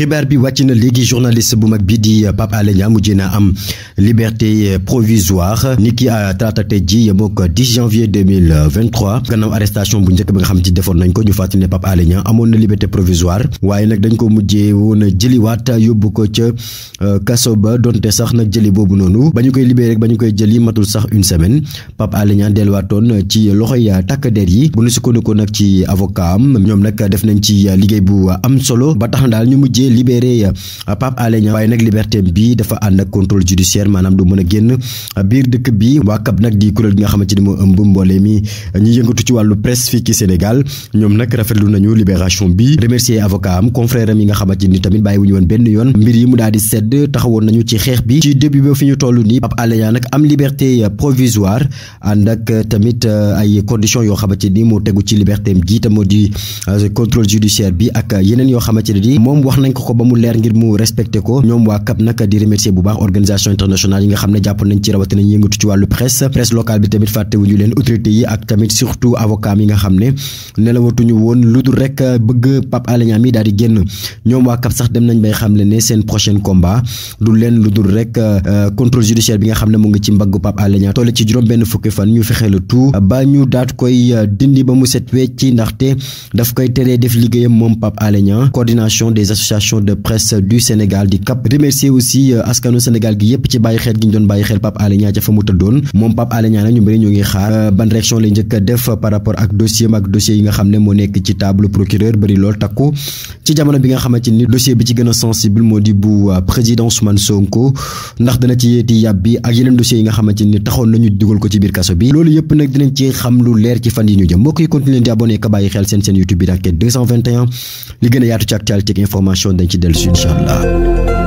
xibaar bi wàcc na léegi journaliste bu mag bi di Pape Alé Niang mujj na am liberté provisoire ni ki euh, talaata tey ji mook 10 janvier 2023 gannaaw arrestation bu njëkk bi nga xam ci defoon nañ ko ñu fàttane ne Pape amoon na liberté provisoire waaye nag dañ ko mujjee woon a jëliwaat yóbbu ko ca euh, kaso ba donte sax nag jëli boobu noonu ba ñu koy libéré rek ba ñu koy jëli matul sax une semaine Pape Alé waatoon ci loxo loxoy euh, takk der yi bu nu sukkandikoo nag ci avocat ñoom nag def nañ ci liggéey bu am libéré euh, Pape Alé nag liberté bi dafa ànd ak contrôle judiciaire maanaam du mën a génn euh, biir dëkk bi waa CAP nag di kuréel gi nga xamante ni moo ëmb mboolee mi euh, ñi yëngatu ci wàllu fii ci Sénégal ñoom nag rafetlu nañu libération bi remercier avocat am confrère yi nga xamante ni tamit bàyyi woon benn yoon mbir yi mu daal di sedd taxawoon nañu ci xeex bi ci début ba fi ñu toll nii Pape Alé Niang nag am liberté provisoire ànd ak tamit ay conditions yoo xamante ni moo tegu ci liberté am gi te moo di contrôle judiciaire bi ak yeneen yoo xamante ne ni moom wax nañ nañ ko nga xam ne jàpp woon lu dul rek bëgg Pape Alé Niang mi di génn ñoom waa CAP sax dem nañ bay xam ne seen prochain combat du leen lu dul rek euh, contrôle judiciaire bi nga xam ne mu ngi ci mbaggu Pape Alé Niang toll ci juróom benn fukki fan ñu fexe le tout ba ñu daat koy euh, dindi ba mu set wecc ndaxte daf koy teree def liggéeyam moom Pape Alé coordination des associations association de presse du Sénégal di CAP remercier aussi euh, askanu Sénégal gi yépp ci bàyyi xel gi ñu doon bàyyi xel Pape Alé ca fa mu tëddoon moom Pape Alé Niang nag ñoo ngi xaar euh, ban réaction la def par rapport ak dossier ak dossier yi nga xam ne moo nekk ci table procureur bëri lool takku ci jamono bi nga xamante ni dossier bi ci gën sensible moo di bu euh, président Ousmane Sonko ndax dana ci yeeti yàb bi ak yeneen dossiers yi nga xamante ni taxoon nañu dañ ci dellu si